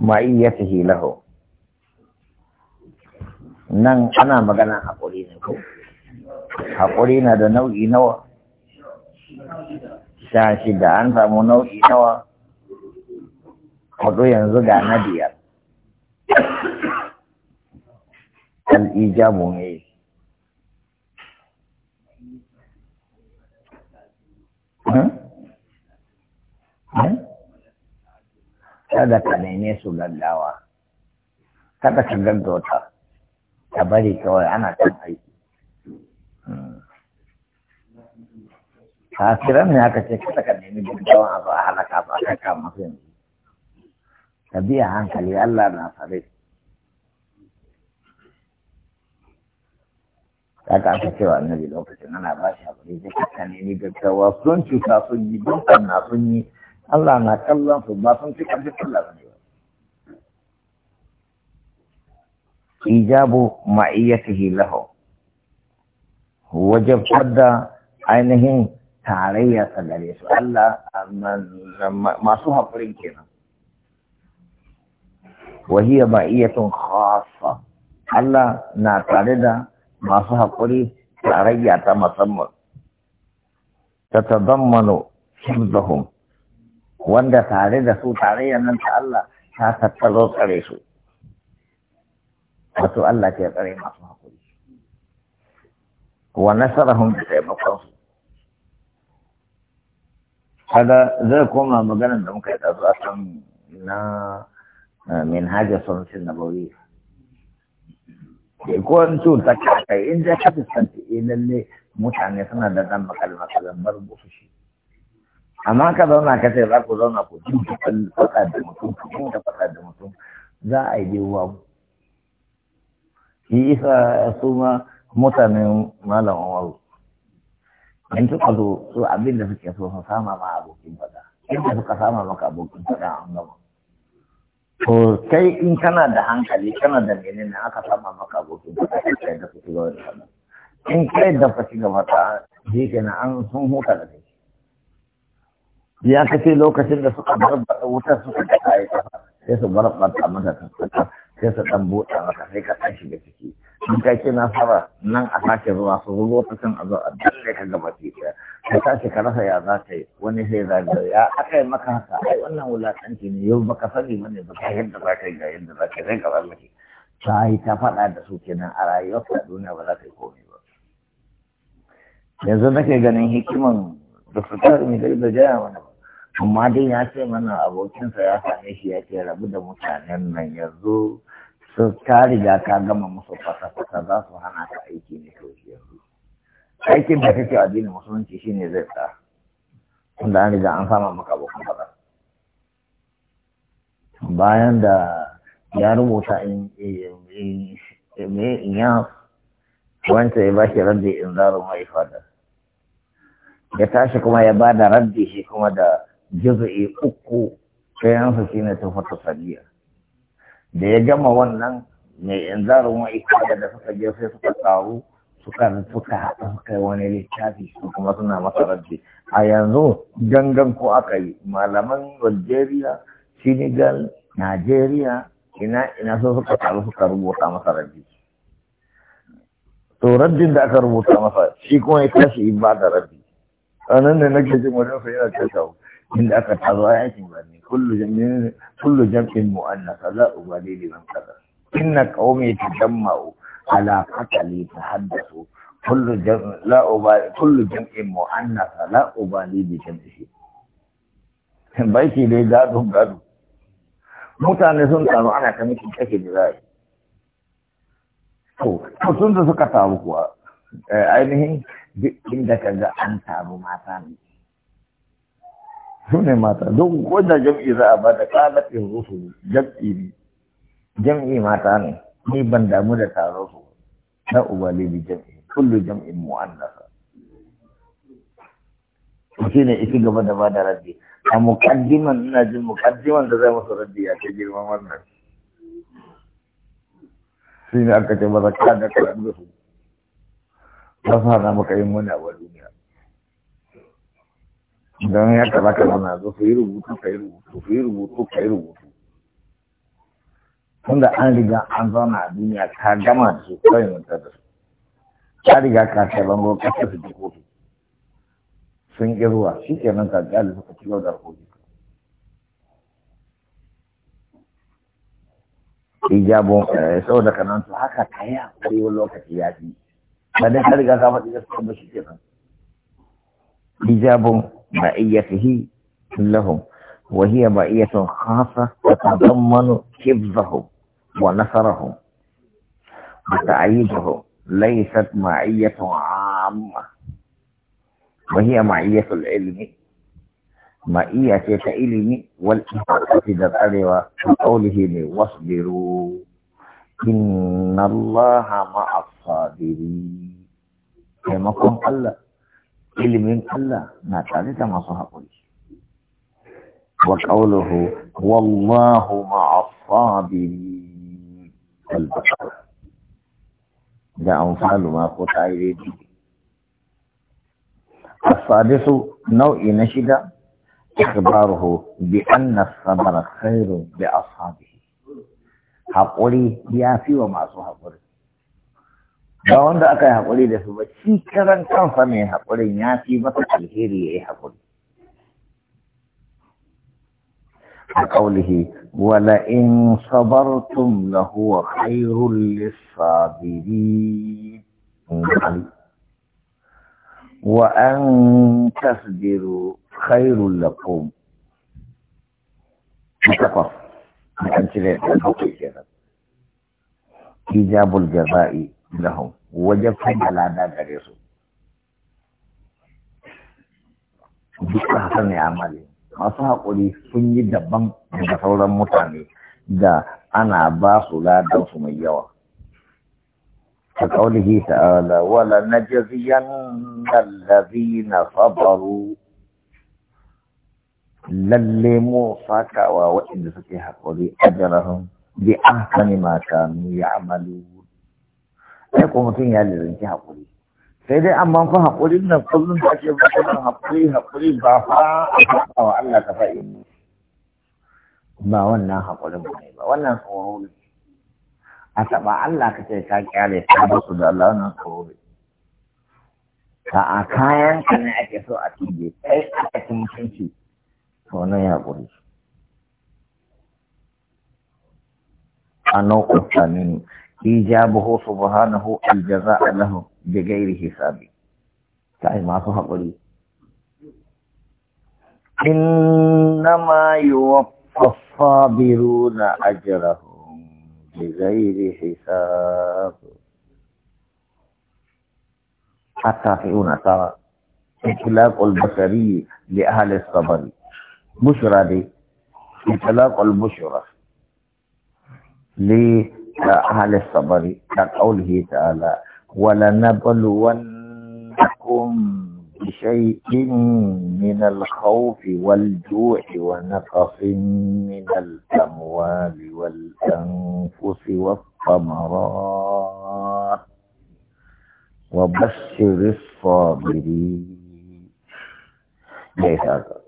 ma'iyyatihi lahu nan ana magana haƙuri ne ko haƙuri na da nau'i nawa sha shida an samu nau'i nawa hudu yanzu ga na biyar al'ijabu ne Hmm? kada ka neme su gaggawa kada ka gaggauta ka bari kawai ana kan aiki hmm. kafiran ne aka ce kada ka nemi gaggawa a ba a ba ka kaka masu yanzu ka biya hankali Allah na fare kaka aka ce wa annabi lokacin ana ba shi abu ne zai ka nemi gaggawa sun cuta sun yi dukkan na sun yi الله ما كلم ما في عبد الله إجاب معيته له وجب حد عينهم تعالية تعالية سؤال ما سوها فرنكينا وهي معية خاصة ألا نعتالدا ما سوها فرنكينا تعالية تتضمن حفظهم wanda tare da su tare nan ta Allah ta tattalo tsare su wato Allah ke tsare masu hakuri wa nasarahum bi taimakon su kaga zai koma maganar da muka yi ɗazu a kan na minhajar sunan nabawi ko in ce ta kai in da ka fuskanci eh lalle mutane suna da dan makalmakalan bar musu shi amma ka zauna ka ce za ku zauna ku ji faɗa da mutum ku jin faɗa da mutum za a yi ku shi isa su ma mutanen malam umaru in suka zo su abin da suke so su sama ma abokin faɗa inda suka sama maka abokin faɗa an gama to kai in kana da hankali kana da menene aka sama maka abokin faɗa kai da kuke ga wani faɗa in kai da fashi gaba ta shi an sun huta da kai ya kace lokacin da suka bar wuta suka kasa kai kafa sai su ta mata ta saka sai su dan bota maka sai ka tashi da ciki in ka ce fara nan a sake zuwa su zo ta a azu a dalle ka gaba ce ka tashi ka rasa ya za ka yi wani sai zaga ya aka maka haka ai wannan wulaƙanci ne yau baka sani ba ka yadda za ka ga yadda za ka yi ka tsallake ta yi ta faɗa da su kenan a rayuwarka a duniya ba za ka yi komai ba yanzu nake ganin hikiman da su ta mai da jaya wani ba amma dai ya ce mana abokinsa ya same shi ya ce rabu da mutanen nan yanzu su ta riga ka gama musu fasa-fasa za su hana ta aiki ne to yanzu aikin da kake addinin musulunci shine zai sa. inda an riga an sama maka abokan fasa bayan da ya rubuta in ya wanda ya bashi rabbi in zaru mai fada ya tashi kuma ya ba da rabbi shi kuma da juz'i uku kayansa shi ne tufata sariya da ya gama wannan mai inzarin wa'ika da suka je sai suka taru suka suka haɗa suka yi wani littafi su kuma suna masa rabbi a yanzu gangan ko aka yi malaman algeria senegal nigeria ina ina so suka taru suka rubuta masa rabbi to rabbin da aka rubuta masa shi kuma ya tashi in ba da rabbi a nan ne nake jin wajen sa yana kashawa inda aka taru a yakin birni kullu jam'in kullu jam'in mu'annasa la ubali liman kaza inna qaumi tajamma'u ala qatli tahaddathu kullu jam'in la ubali kullu jam'in mu'annasa la ubali bi jam'ihi baiti dai gado gado mutane sun taru ana ta miki kake da zai to to tun da suka taru kuwa eh, ainihin duk inda kaga an taru mata ne sune mata duk wanda jam'i za a ba da ƙalatin rusu jam'i ne jam'i mata ne ni ban damu da taro su na ubali bi jam'i kullu jam'i mu'annasa shi ne isi gaba da ba da raddi a muƙaddiman ina jin muƙaddiman da zai musu raddi a ce girman wannan shi ne aka ce ba za ka da kalan da su ba sa na muka yi wani abu duniya don ya kaza kaza na zo ka yi rubutu ka yi rubutu ka yi rubutu ka yi rubutu tunda an riga an zauna a duniya ka gama da su kawai mutar da su ka riga ka kai bango ka ta su kotu sun ƙi ruwa shi nan ka ga suka ci yau da rahoto ijabun eh, saboda kanan to haka ta yi hakuri wani lokaci ya fi ba dai ka riga ka faɗi gaskiya ba shi nan, ijabun مائيته لهم وهي مائية خاصة تتضمن حفظهم ونصرهم وتعيدهم ليست معية عامة وهي معية العلم معية العلم والإحاطة دقلوة وقوله واصبروا إن الله مع الصابرين كما قال الله ilimin Allah na tare da masu haƙuri wa qawluhu wallahu ma'as sabirin wal da amfalu ma ko ta yi daidai السادس نوع نشد إخباره بأن الصبر خير لأصحابه حقولي يا في وما صحب ba wanda aka yi haƙuri da su ba shi karan kansa mai haƙurin ya fi masa alheri ya yi haƙuri a ƙaulihi wala in sabartum la huwa khairul lisabiri wa an tasbiru khairul lakum takwas an cire da kuke kenan hijabul jaza'i lahum wajen fada lada gare su duk da hasar ne amali masu haƙuri sun yi daban daga sauran mutane da ana ba su ladan su mai yawa ka kaulihi ta'ala wala lallabi na sabaru lalle mu sakawa waɗanda suke haƙuri a ajarahum bi kani ma kanu amali. sai ko mutum ya lirinci haƙuri sai dai amma fa haƙurin nan kullum da ake ba kullum haƙuri haƙuri ba fa a wa Allah ka fa'i ba wannan haƙurin ba ne ba wannan tsoro ne a taɓa Allah ka ce ka kyale ta ba su da Allah wannan tsoro ne ka a kayan ka ne ake so a tije kai aka ci mutunci to nan ƙuri a nau'uka ne إيجابه سبحانه الجزاء له بغير حساب تعي طيب، ما قول إنما يوفى الصابرون أجرهم بغير حساب التاسعون ترى إطلاق البشري لأهل الصبر بشرى دي إطلاق البشرى ليه أهل الصبر كقوله تعالى ولنبلونكم بشيء من الخوف والجوع ونقص من الأموال والأنفس والثمرات وبشر الصابرين ليس هذا